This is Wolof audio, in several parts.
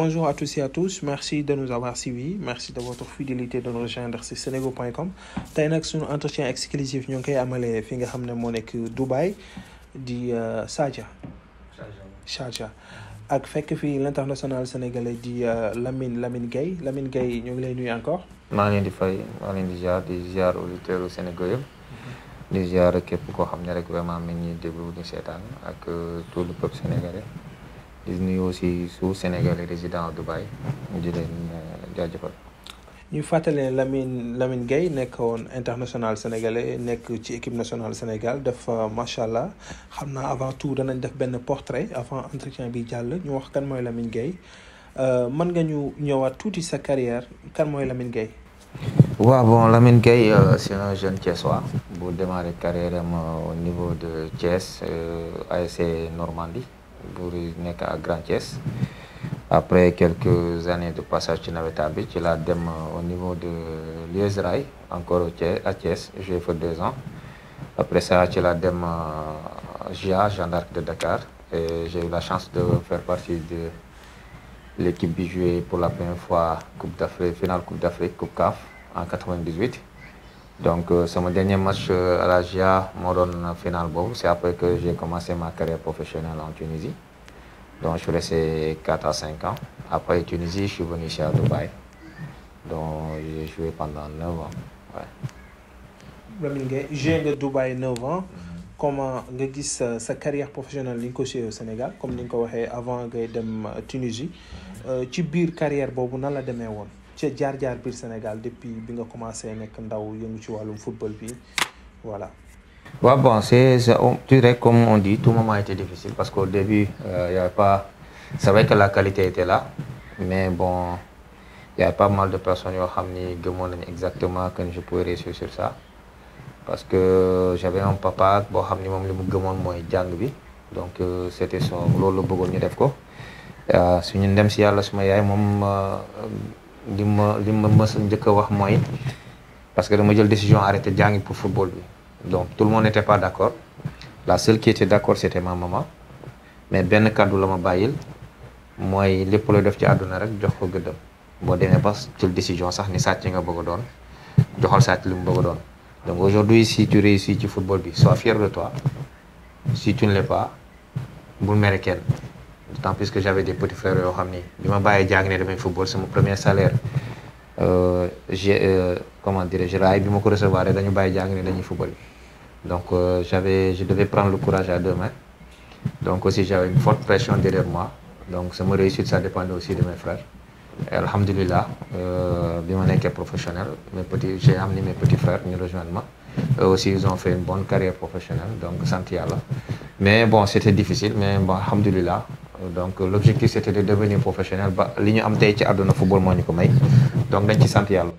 Bonjour à tous et à tous merci de nous avoir suivis merci de votre fidélité de nous rejoindre ci senego.com tey nag suñu entretien exclusif ñu ngi koy amalee fi nga xam ne moo nekk Dubaï di euh, Sadja Sadja ak fekk fii l'international sénégalais di euh, Lamine Lamine Gueye Lamine Gueye ñu ngi lay nuyu encore maa ngi leen di fay maa ngi leen di ziar di ziar auditeur u Sénégal yëpp mhm. di ziar képp koo xam ne rek vraiment mi ngi déglu di seetaan ak euh, tout le peuple sénégalais di aussi su Sénégalais résident à Dubaï di leen jaajëfal. ñu lamin ne Lamine Lamine Gueye nekkoon international sénégalais nekk ci équipe nationale Sénégal def macha allah xam naa avant tout danañ def benn portrait avant entretien bi jàll ñu wax kan mooy Lamine Gueye euh, mën nga ñu ñëwaat tuuti sa carrière kan mooy lamin Gueye. waaw bon Lamine Gueye euh, c'est un jeune Thiessois bu démarré carrière am euh, au niveau de Thiès ASC Normandie. buur nekk à Grand Thiès après quelques années de passage ci nawetaan bi ci la dem euh, au niveau de l'US rai encore à Thiès j'ai fait deux ans après ça ci laa dem euh, JA Jeanne d'Arc de Dakar et j'ai eu la chance de faire partie de l'équipe bi joué pour la première fois Coupe d'Afrique finale Coupe d'Afrique Coupe CAF en 98 donc euh, sama dernier match euh, à la moo doon final boobu c'est après que j'ai commencé ma carrière professionnelle en Tunisie donc je suis resté 4 à 5 ans après Tunisie je suis venu ici à Dubaï donc pendant 9 ans ouais. Lamine Gueye joué nga Dubaï 9 ans sa carrière professionnelle li ko joué Sénégal comme ni nga ko waxee avant ngay dem euh, Tunisie ci biir carrière boobu nan la demee woon. ci jaar-jaar biir Sénégal depuis bi nga commencé nekk ndaw yëngu ci wàllum football bi voilà. waa bon c'est tu dirais comme on dit tout moment était difficile parce que début euh, y avait pas c'est que la qualité était là mais bon ya avait pas mal de personnes yoo xam ni gëmoon nañu exactement que je pouvais réussir parce que j'avais un boo xam ni moom li mu gëmoon mooy jàng bi donc euh, c'était son loolu la bëggoon ñu def ko euh, ndem si yàlla suma yaay moom. Euh, li ma li ma mës a njëkk a wax mooy parce que dama jël décision arrêté jàngi pour football bi donc tout le monde n'était pas d'accord la seule qui était d'accord c'était ma maman mais benn kàddu la ma bàyyil mooy lépp looy def ci àdduna rek jox ko gëddam boo demee ba jël décision sax ni sàcc nga bëgg a doon joxal sàcc li mu bëgg doon donc aujourd'hui si tu ci football bi sois fier de toi si ne l'es pas bul d'autant plus que j'avais des petits frères yoo xam ni bi ma bàyyee jàng ne damay football sama premier salaire euh, j'ai euh, comment dirais bi ma ko recevoir dañu bàyyi jàng ne dañuy football donc euh, j'avais je devais prendre le courage à deux mains donc aussi j'avais une forte pression derrière moi donc sama réussite ça dépendait aussi de mes frères et alhamdulilah bi ma nekkee professionnel mes petits j'ai amené mes petits frères ñu rejoindre ma eux aussi ils ont fait une bonne carrière professionnelle donc sant yàlla mais donc l'objectif c'était de devenir professionnel ba li ñu am tey ci àdduna football moo ñu ko may donc dañ ci sant yàlla.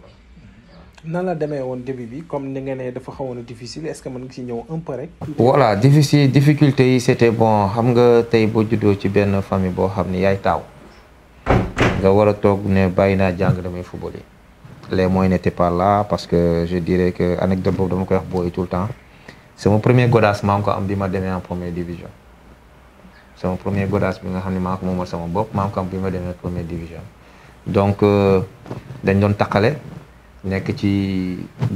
nan la demee woon début bi comme ni nga ne dafa xawoon difficile est-ce que mën nga ci ñëw un peu rek. voilà difficile difficulté yi c'était bon xam nga tey boo juddoo ci benn famille boo xam ne yaay taaw nga war a toog ne bàyyi naa jàng damay football yi. les moyens n'étaient pas la parce que je dirais que anecdote boobu dama koy wax booy tout le temps c'est mon maa ko am bi ma demee en première division. sama premier godage bi nga xam ne maa ko moomal sama bopp maam kam bi ma demee première division donc euh, dañ doon taqale nekk ci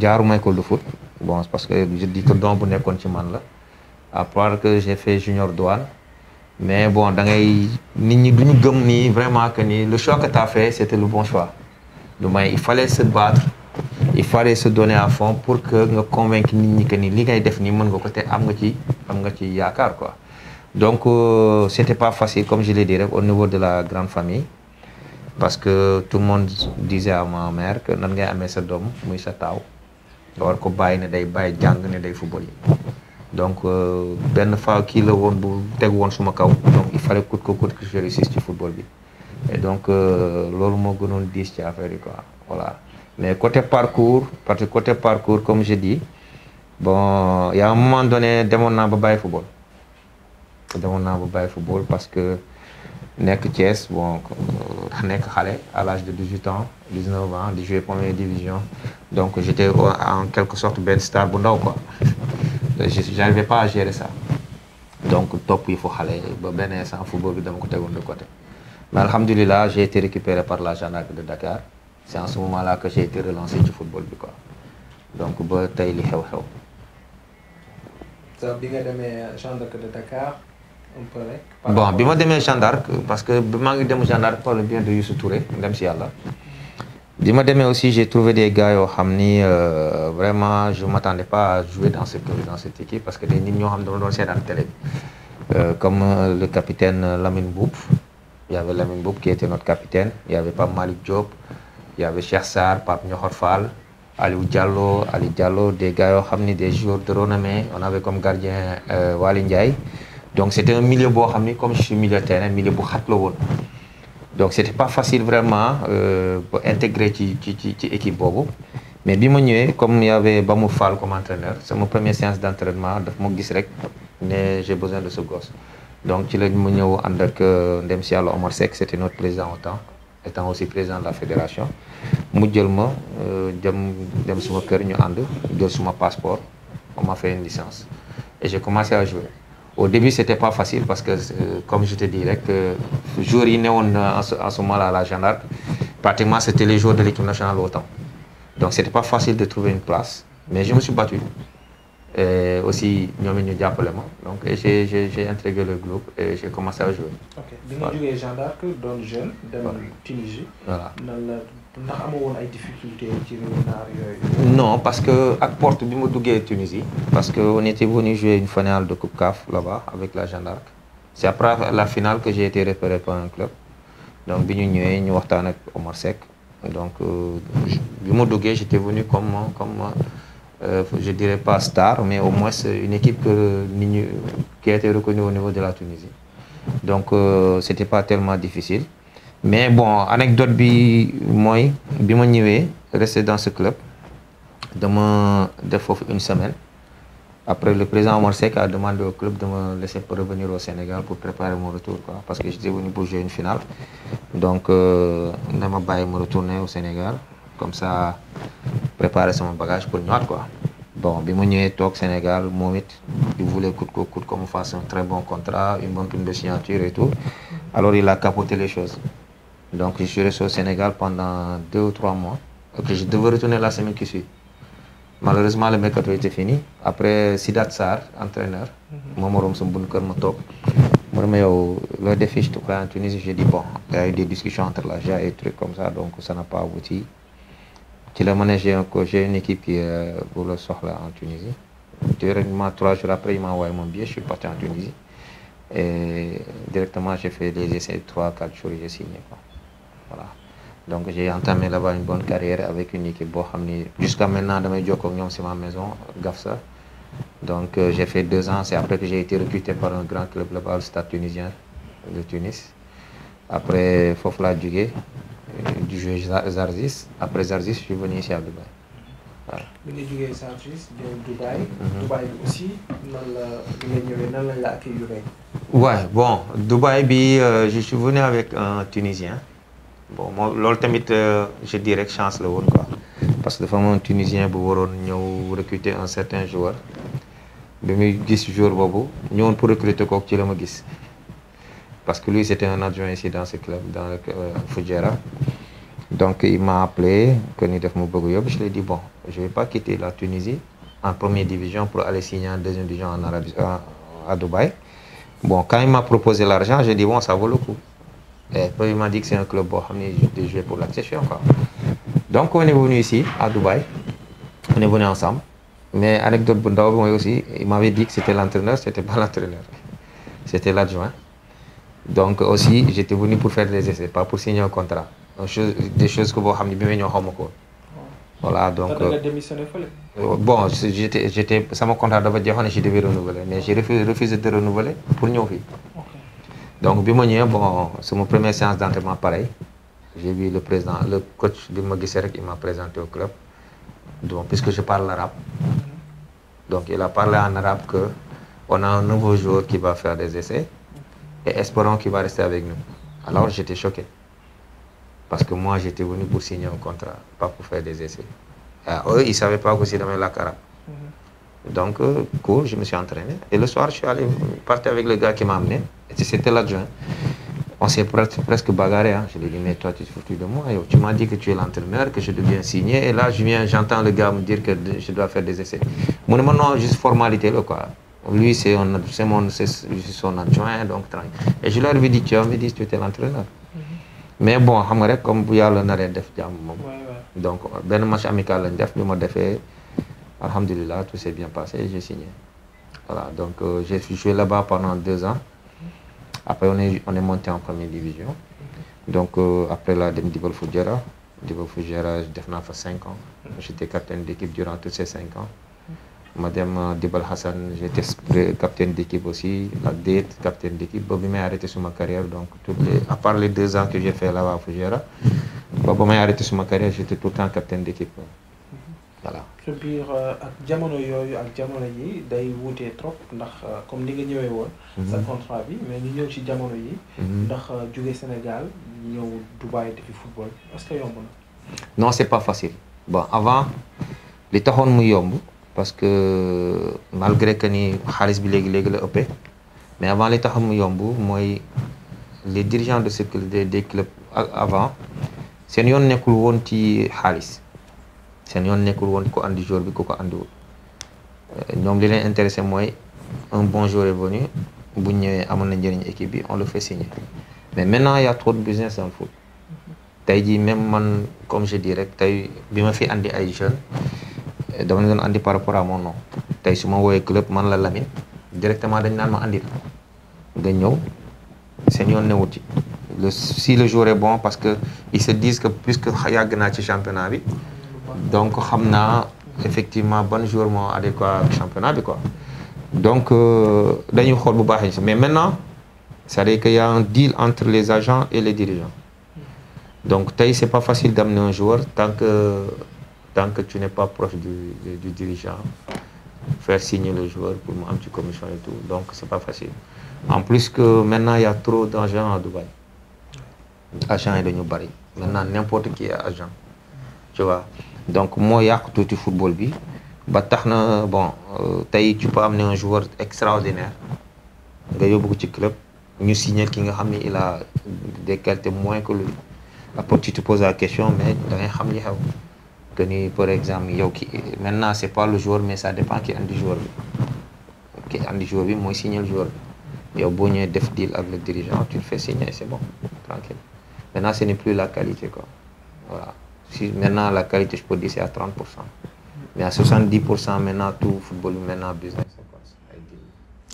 jaaruma ko de foot bon parce que je di que don bu nekkoon ci man la à part que j'ai fait mais bon da ngay nit ñi du ñu gëm nii vraiment que nii le choix que t'as fait c'était le bon choix du may il fallait se battre il fallait se donner à fond pour que nga convaincre nit ñi que ni li ngay def nii mën nga ko te am nga ci am nga ci yaakaar quoi donc euh, c'était pas facile comme je l'ai dit rek au niveau de la grande famille parce que tout le monde disait à nangay amee sa doom muy sa taaw nga war ko bàyyi ne day bàyyi jàng ne day football yi donc euh, benn fa kii la woon bu teg woon suma kaw donc il fallait coûte que coûte que je ci football bi et donc euh, loolu moo gënoon diis ci affaire yi quoi voilà mais côté parcours parce que côté parcours comme je dis bon y a un moment donné demoon naa ba bàyyi football demoon naa ba bàyyi football parce que nekk Thiès bon nekk xale à l'âge de 18 ans 19 ans di jouer première division donc j'étais en quelque sorte benn star bu ndaw ko j'arrivais pas à gérer ça donc topp yi fu xale ba benn sans football bi dama ko tegoon de côté mais alhamdulilah j'ai été récupéré par la Jeanne d'Arc de Dakar c'est en ce moment là que j'ai été relancé ci football bi quoi donc ba tey li xew-xew. bi nga demee Jeanne d'Arc de Dakar. bon bi ma demee Jeanne d'Arc parce que maa ngi dem Jeanne d'Arc par le bien de Youssou Touré si yàlla bi ma demee aussi j'ai trouvé des gars yoo xam ni euh, vraiment je m'attendais pas à jouer dans cette équipe parce que des nit ñoo xam ne dama doon seetaan télé bi euh, comme euh, le capitaine Lamine Boub il y avait Lamine Boub qui était notre capitaine il y avait Pape Malick Diop il y avait Cheikh Sarr Pape Ñoxor Fall Aliou Diallo Aliou Diallo des gars yoo xam ni des joueurs de renommée on avait comme gardien Waly Ndiaye donc c' était un milieu boo xam ni comme je suis milieu terrain milieu bu xat la woon donc c' était pas facile vraiment euh, ba intégrer ci ci ci ci équipe boobu mais bi ma ñëwee comme y avait Bamou Fall comme entraîneur sama première séance d' entraînement daf ma gis rek ne j'ai besoin de ce gosse donc ci la mu ñëw ànd ak euh, ndem si yàlla Omar Seck c' était notre président au temps étant aussi président de la fédération mu jël ma euh, dem dem suma kër ñu ànd jël suma passeport on m'a fait une au début c'était pas facile parce que euh, comme je te dis rek jour yi newoon en ce en ce moment-là à la Jeanne d'Arc pratiquement c'était les jours de l'équipe nationale autant donc c'était pas facile de trouver une place mais je me suis battu et aussi ñoom it ñu jàppale ma donc j'ai j'ai j'ai intégré le groupe et j'ai commencé à jouer. ok bi nga jógee Jeanne d'Arc doon jeune. dem Tunisie. voilà nan la. ndax amoo woon ci non parce que ak porte bi ma duggee Tunisie. parce que on était venu jouer une finale de Coupe CAF avec la Jeanne d'Arc. c'est après la finale que j'ai été repéré par un club donc bi ñu ñëwee ñu waxtaan ak Omar donc euh, bi ma duggee j'étais venu comme comme euh, je dirais pas star mais au moins une équipe nit ñu qui a été reconnue au niveau de la Tunisie donc euh, c'était pas tellement difficile. mais bon anecdote bi mooy bi ma ñëwee resté dans ce club dama def foofu une semaine après le président Omar Seck a demandé au club de me laisser revenir au Sénégal pour préparer mon retour quoi parce que j'étais venu pour jouer une finale donc euh, dama bàyyi ma retourner au Sénégal comme ça préparer sama bagage pour ñëwaat quoi bon bi ma ñëwee toog Sénégal moom it il voulait coûte que coûte qu'on me fasse un très bon contrat une bonne prime de signature et tout les choses Donc, je suis resté au Sénégal pendant deux ou trois mois. je devais retourner la semaine qui suit. Malheureusement, le mercato était fini. Après, Sidat Sar, entraîneur, moi, je suis venu à mon top. Le défi, je en Tunisie, j'ai dit bon, y a eu des discussions entre l'AGA et des trucs comme ça, donc ça n'a euh, trois jours après, il m'a envoyé mon billet, je suis parti en Tunisie. Et directement, j'ai fait les essais, trois, quatre jours, j'ai signé. Quoi. voilà donc j'ai entamé mm. là une bonne carrière avec une équipe boo xam ni jusqu'à maintenant damay jokkoo ak ñoom ci ma maison Gafsa donc euh, j'ai fait deux ans c'est après que j'ai été recruté par un grand club là-bas le Stade tunisien de Tunis après foofu laa jógee du jeu après Zarzis je suis venu ici à mm-hmm. aussi nan la nga euh, avec Tunisien. bon moo loolu tamit euh, je dis rek chance la woon quoi parce que dafa amoon tunisien bu waroon ñëw recruter un certain joueur bi muy gis jour boobu ñëwoon pour recruter ko ci la ma gis parce que lui c'était un adjoint ici dans ce club dans le euh, Fougera donc i m'a appelé que ni def mu bëgg yóbbu je lui ai bon je vais pas quitter la Tunisie en première division pour aller signer en deuxième division en Arabie à Dubaï bon quand il m'a proposé l'argent j'ai dit bon ça vaut le Et premièrement di que c'est boo xam bon, de jouer pour l'accession. Donc on est venu ici, à Dubaï. On est venu ensemble. Mais anecdote Bundao, moi aussi, il m'avait dit que c'était l'entraîneur, c'était pas l'entraîneur. C'était l'adjoint. Donc aussi, j'étais venu pour faire les essais, pas pour signer un contrat. Donc, des choses que vous savez, bien voilà donc euh, euh, bon j'étais j'étais sama contrat dafa jeexoon je devais renouveler mais j'ai refusé de renouveler pour ñëw fii donc bi ma ñëwee bon sama première séance d' entraînement pareil j'ai vu le président le coach bi ma gisee rek m'a présenté au club donc puisque je parle arabe donc il a parlé en arabe que on a un nouveau joueur qui va faire des essais et espérons qu'il va rester avec nous alors j'étais choqué parce que moi j'étais venu pour signer un contrat pas pour faire des essais ah eux pas que si damay làkk Donc, euh, cours, je me suis entraîné. Et le soir, je suis allé partir avec le gars qui m'a amené. C'était l'adjoint. On s'est presque bagarré. Je lui ai mais toi, tu te foutu de moi. Et tu m'as dit que tu es l'entraîneur, que je deviens signer. Et là, j'entends le gars me dire que je dois faire des essais. Moi, juste formalité, là, quoi. Lui, c'est son adjoint, Et je leur ai dit, tu as dit, tu étais l'entraîneur. Mm -hmm. Mais bon, comme il Donc, ben amical, je me suis Alhamdulillah, tout s'est bien passé et j'ai signé. Voilà, donc euh, j'ai joué là-bas pendant deux ans. Après, on est, on est monté en première division. Donc euh, après la dem Dibal Fougera, Dibal Fougera, je défendais fait cinq ans. J'étais capitaine d'équipe durant tous ces cinq ans. Madame euh, Dibal Hassan, j'étais capitaine d'équipe aussi, la dette, capitaine d'équipe. Bobby m'a arrêté sur ma carrière, donc toutes les, à part les deux ans que j'ai fait là-bas à Fougera, Bobby m'a arrêté sur ma carrière, j'étais tout le temps capitaine d'équipe. Voilà. biir euh, ak jamono yooyu ak jamono yi day wuutee trop ndax euh, comme ni nga ñëwee woon. Mm-hmm. sa contrat bi mais ñu ñëw ci jamono yii mm-hmm. ndax euh, jóge Sénégal ñëw Dubaï di football est-ce que yomb na. non c'est pas facile bon avant li taxoon mu yomb parce que malgré que ni xaalis bi léegi léegi la ëppee mais avant li taxoon mu yomb mooy les dirigeants de ce des des avant seen yoon nekkul woon ci xaalis. seen yoon nekkul woon ko andi jour bi ko ko andiwul ñoom li leen intéressé mooy un bon joueur venu bu ñëwee amoon na njëriñ équipe bi on la fait signer mais maintenant y a trop de business dans le tey jii même man comme je rek tey bi ma fi andi ay jeunes dama leen doon andi par rapport à mon tey su ma woowee club man la Lamine directement dañ naan ma andi nga ñëw seen yoon newut ci le si le jour est bon parce que ils se disent que puisque yàgg naa ci championnat bi. donc xam naa effectivement ban jour moo adéquat ak championnat bi quoi donc euh, dañuy xool bu baax mais maintenant c'est-à-dire qu'il y a un deal entre les agents et les dirigeants donc tey c'est pas facile d'amener un joueur tant que tant que tu n'es pas proche du, du, du dirigeant faire signer le joueur pour mu am ci commission et tout donc c'est pas facile en plus que maintenant il y a trop d'agents à Dubaï agents yi dañu bari maintenant n'importe qui est agent tu donc moo yàq tuuti football bi ba tax na bon euh, tey tu peux amener un joueur extraordinaire nga yóbbu ko ci club ñu signé ki nga xam ni il a des mooy moins que lui après tu te question mais da ngay xam li xew que ni par exemple yow ki maintenant c'est pas le joueur mais ça dépend ki andi joueur bi mooy signé joueur bi boo ñëwee def deal ak le dirigeant tu le fais signer c'est bon tranquille maintenant ce n'est plus la qualité quoi si maintenant la qualité je peux dire c'est à 30 pour cent mais tout football bi business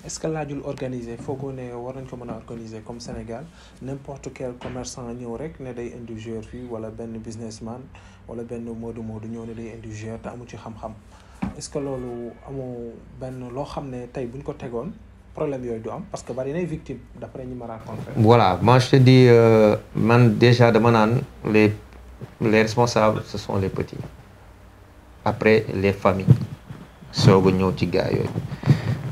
est ce que laajul organiser foogoo ne ko mën a organiser comme Sénégal n'importe quel commerçant ñëw rek ne day indi joueur fii wala benn businessman wala benn Modou Modou ñëw ne day indi joueur te amu ci xam-xam est ce que loolu amoo benn loo xam ne tey bu ñu ko tegoon problème yooyu du am parce que bari nay victime d'après ñi ma rencontré. voilà moi je euh, man déjà dama naan les responsables ce son les petits après les familles soog a ñëw ci gars yooyu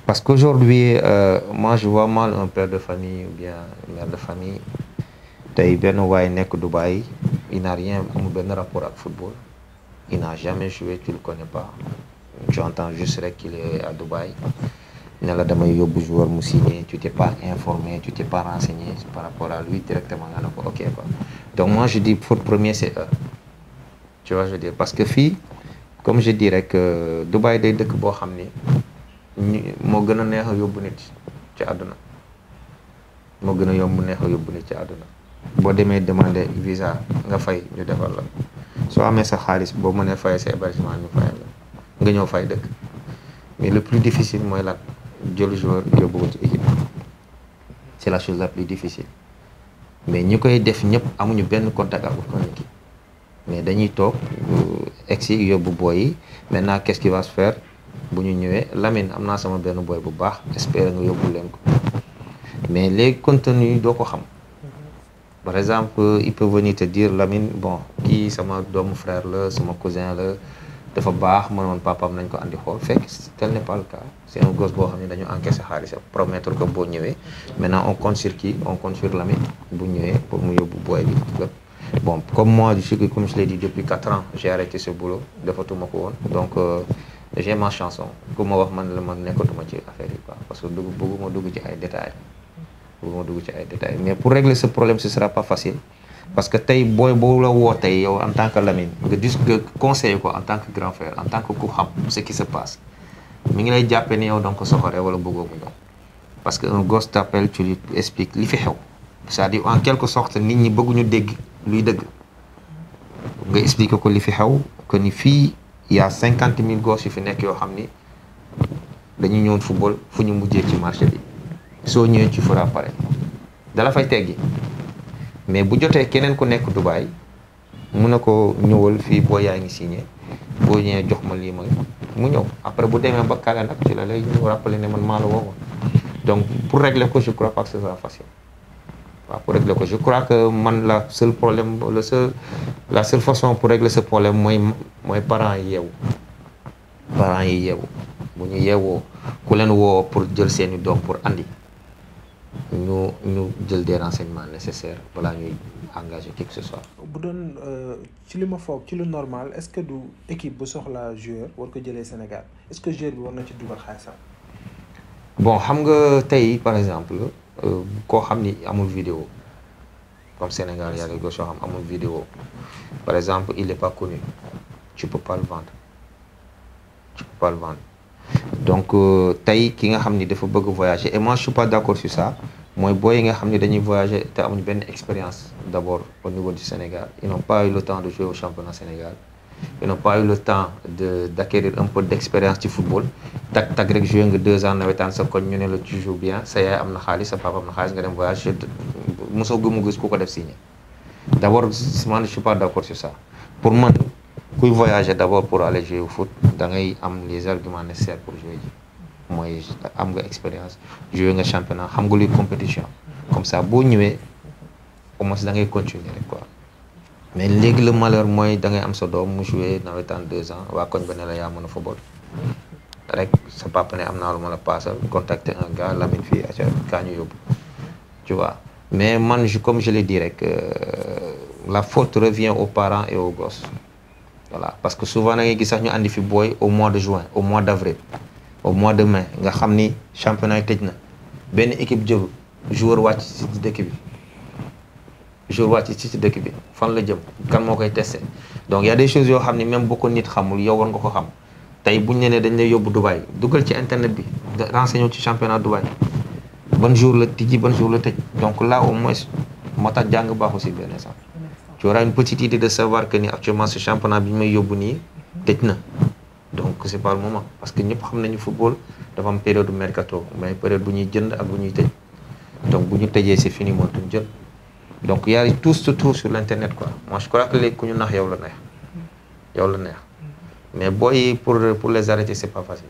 parce qu'aujourd'hui euh, moi je mal un père de famille ou bien mère de famille tey benn waay nekk Dubaï il n'a rien amul benn rapport ak football il n'a jamais joué tu le connais pas tu entends juste rek qu'il est à Dubaï ne la damay yóbbu joueur mu signé tu t'es pas informé tu t'es pas renseigné par rapport à lui directement nga ne ko ok quoi donc moi je di faute première c'est eux tu vois parce que fii comme je dis rek du Dubaï day dëkk boo xam ni ñu moo gën a neex a yóbbu nit ci àdduna moo gën a yomb neex a yóbbu nit ci àdduna boo demee demander visa nga fay ñu defal la soo amee sa xaalis boo mënee fay sa hébergement ñu fayal nga ñëw fay dëkk mais le plus difficile mooy lan jël joueur yóbbu ko ci équipe c'est la chose la plus difficile mais ñi koy def ñëpp amuñu benn contact ak autorité yi mais dañuy toog euh, egsi yóbbu booy yi maintenant qu'est-ce qui va se faire bu ñu ñëwee Lamine am naa sama benn booy bu baax espérer nga yóbbu leen ko mais les contenus doo ko xam par exemple il peut venir te dire Lamine bon kii sama doomu frère la sama cousin la dafa baax mënoon papam nañ ko andi xool fekk tel n'est pas c' est un boo xam ne dañu encaissé xaalisam promettre que boo ñëwee maintenant on compte sur qui on compte sur Lamine bu ñëwee pour mu yóbbu booy bi bon comme moi je suis comme je l'ai dit depuis quatre ans j'ai arrêté ce boulot defatuma ko woon donc euh, j'ai ma chanson ku ma wax man la man nekkatuma ci affaire yi quoi parce que dugg bëgguma dugg ci ay détails bëgguma dugg ci ay détails mais pour régler ce problème ce sera pas facile parce que tey booy boo la woo tey yow en tant que Lamine nga dis ko en tant que grand frère en tant que ku xam mi ngi lay jàppee ni yow donc soxore wala bëggoo ñëw parce que un gosse t'appelle tu lui li fi xew cest di en quelque sorte nit ñi bëgguñu dégg luy dëgg nga expliquer ko li fi xew kon ni fii y cinquante mille gosses yu fi nekk yoo xam ni dañu ñëw football fu ñu mujjee ci marché bi soo ñëwee ci fura pare dala fay teggi mais bu jotee keneen ku nekk dubaay mun na ko ñëwal fii boo yaa ngi signé boo ñëwee jox ma lii ma mu ñëw après bu demee ba kale nag ci la lay ñëw rappeler ne man maa la woowoon donc pour régler ko je crois pas que ce sera facile waaw régler ko je crois que man la seul problème le seul la seule façon pour régler ce problème mooy mooy parents yi yeewu parents yi yeewu bu ñu yeewoo ku leen woo pour jël seeni doom pour andi ñu ñu jël des renseignements nécessaires balaa ñuy engagé qui que ce soit. bu doon euh, ci li ma foog ci lu normal est-ce que du équipe bu soxla joueur war ko jëlee Sénégal est-ce que joueur bi war na ci dugal sax bon xam nga tey par exemple euh, koo xam ni amul vidéo comme Sénégal yàlla ko soo xam amul vidéo par exemple il est pas connu tu peux le vendre tu peux le vendre. donc euh, tey ki nga xam ni dafa bëgg voyager et moi je suis d'accord sur ça mooy booy yi nga xam ni dañuy voyager te am amuñu benn expérience d'abord au niveau du Sénégal ils n'ont pas eu le temps de jouer au championnat Sénégal ils n'ont pas eu le temps de d'acquérir un peu d'expérience ci football tak tak rek joué nga deux ans nawetaan sa koñ ñu ne la tu joues bien sa yaay am na xaalis a papa am na xaalis nga dem voyage mosoo gëmu gis ku ko def signé d'abord man je suis pas pour man kuy voyager d'abord pour aller jouer au foot da ngay am les arguments nécessaires pour jouer ji mooy am nga expérience jouer nga championnat xam nga luy compétition comme ça boo ñëwee au moins da ngay continuer rek quoi mais léegi le malheur mooy da ngay am sa doom mu jouer nawetaan deux ans wa koñ ba ne la yaa mën a football rek sa papa ne am naa lu ma la paasal contacter un gars Lamine fii a kaa ñu yóbbu tu mais man comme je l'ai dit rek euh, la faute revient aux parents et aux voilà parce que souvent da ngay gis sax ñu andi fi booy au mois de juin au mois d' avril au mois de mai nga xam ni championnat yi tëj na benn équipe jël joueur wàcc ci dëkk bi joueur wàcc ci dëkk bi fan la jëm kan moo koy testé donc yaa a des yoo xam ni même bu ko nit xamul yow war nga ko xam tey buñ ne ne dañ lay yóbbu Dubaï dugal ci internet bi renseigné ci championnat Dubaï ban jour la tijji ban jour la tëj donc là au moins moo tax jàng baaxu si benn sax tu auras une petite idée de savoir que ni actuellement ce championnat bi ñu may yóbbu nii tëj na donc c' est pas le moment parce que ñëpp xam nañu football dafa am période mercato mais période bu ñuy jënd ak bu ñuy tëj donc bu ñu tëjee si est fini mootuñ jël donc y a tout ce tour sur l' internet quoi moi je crois que léegi ku ñu nax yow la neex yow la neex mais booy pour pour les arrêter c' est pas facile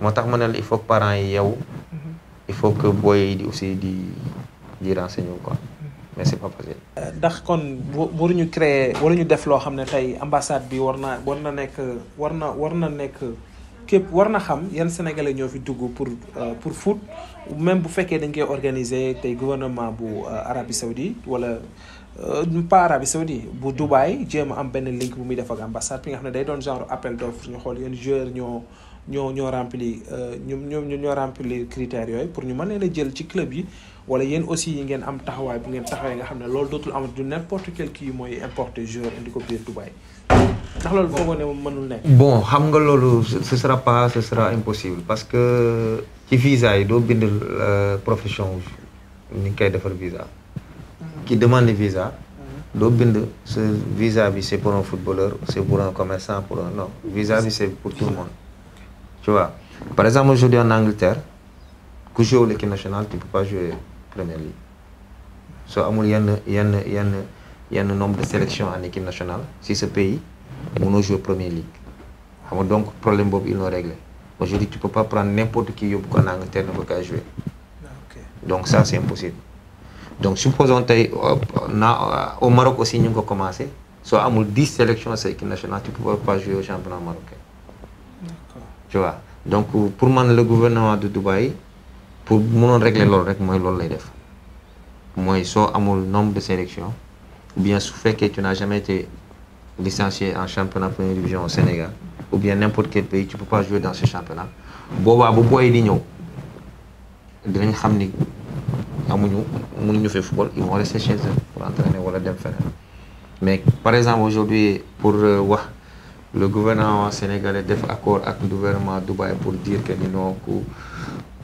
moo tax ma ne la il faut que parents yi yow il faut que booy di aussi di di renseigner quoi. mais c'est pas possible. ndax kon waruñu créer waruñu def loo xam ne tey ambassade bi war naa war na nekk war na war na nekk képp war na xam yan sénégalais ñoo fi dugg pour euh, pour foot même bu fekkee dañ koy organiser tey gouvernement bu euh, Arabie Saoudite wala. Euh, pas Arabie Saoudi bu Dubaï jéem am benn link bu muy def ak ambassade bi nga xam ne day doon genre appel d'offre ñu xool yéen joueur ñoo ñoo ñoo rempli ñoom ñoom ñoo rempli critères yooyu pour ñu mën leen a jël ci club yi wala yéen aussi yi ngeen am taxawaay bu ngeen taxawee nga xam ne loolu dootul amati du n'importe quel kii mooy importer joueur indi ko biir Dubaï ndax loolu foogoo ne moom mënul nekk. bon xam nga loolu ce sera pas ce sera impossible parce que ci visa yi doo bind euh, profession ni ngi koy defar visa. ki demande visa. doo bind ce visa bi c'est pour un footballeur c'est pour un commerçant pour un non visa bi c'est pour tout le monde tu vois par exemple aujourd'hui en Angleterre ku joué l'équipe nationale tu peux pas jouer première ligue soo amul yenn yenn yenn yenn nombre de sélections en équipe nationale si ce pays mënoo jouer première ligue xam nga donc problème boobu ils l'ont réglé aujourd'hui tu peux pas prendre n'importe qui yóbbu ko en Angleterre ne ko jouer ah, donc ça c'est impossible donc supposons tey euh, na euh, au Maroc aussi ñu ngi ko commencé soo amul dix sélections sa équipe nationale tu peux pas jouer au championnat marocain tu donc pour man le gouvernement de Dubaï pour mënoon régler loolu rek mooy loolu lay def mooy soo amul nombre de sélection ou bien su fekkee tu n'as jamais été licencié en championnat première division au Sénégal ou bien n'importe quel pays tu peux pas jouer dans ce championnat boobaa bu booy di ñëw dinañ xam ni amuñu mënuñu fee football ils vont rester chez eux entraîner wala dem feneen mais par exemple aujourd'hui pour euh, wax le gouvernement sénégalais def accord ak gouvernement Dubaï pour dire que ni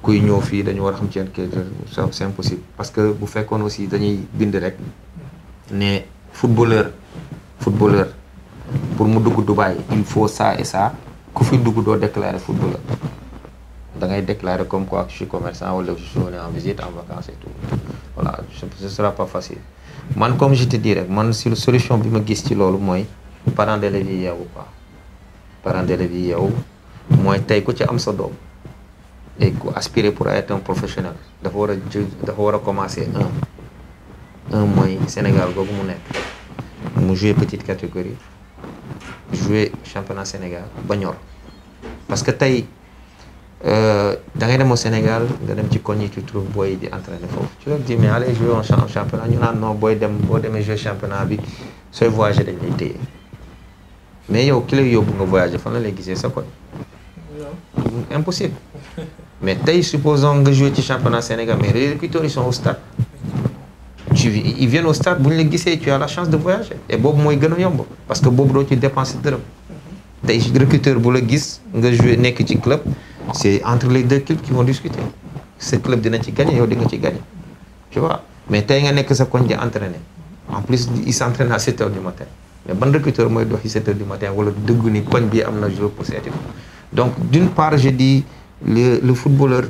kuy ñëw fii dañu war a xam ci Quel Quel c'est impossible parce que bu fekkoon aussi dañuy bind rek ne footballeur footballeur pour mu dugg Dubaï il faut ça et ça ku fi dugg doo déclarer footballeur da ngay déclarer comme quoi je suis commerçant wala je suis en visite en vacances et tout voilà ce sera pas facile man comme je te dis rek man si solution bi ma gis ci loolu mooy parents d'élèves yi yeewu quoi parents d'élèves yi yeewu mooy tey ku ci am sa doom. et ku aspirer pour être un professionnel dafa war a ju dafa war a commencer un un Sénégal googu mu nekk mu jouer petite catégorie jouer championnat Sénégal ba ñor parce que tey euh, da ngay dem au Sénégal nga dem ci koñ yi tu trouves booy di entraîner foofu ci leur dis mais allez jouer en championnat ñu naan non booy dem boo demee jouer championnat bi sooy voyager dañ lay téye mais yow ki lay yóbbu nga voyager fan gisee sa koñ impossible mais tey supposons nga joué ci championnat Sénégal mais les recruteurs ils sont au stade bu ñu la gisee tu as la chance de voyager et boobu mooy gën a yomb parce que boobu doo ci dépenser dërëm tey recruteur bu la gis nga joué nekk ci club c'est entre les deux clubs qui vont discuter ce club dina ci gagné yow di nga ci gagné tu vois mais tey nga nekk sa koñ di entraîner en plus il s'entraîne à 7 heures du matin mais ban recruteur mooy dox ci 7 heures du mat wala dëggu ni ko donc d'une part le, le footballeur,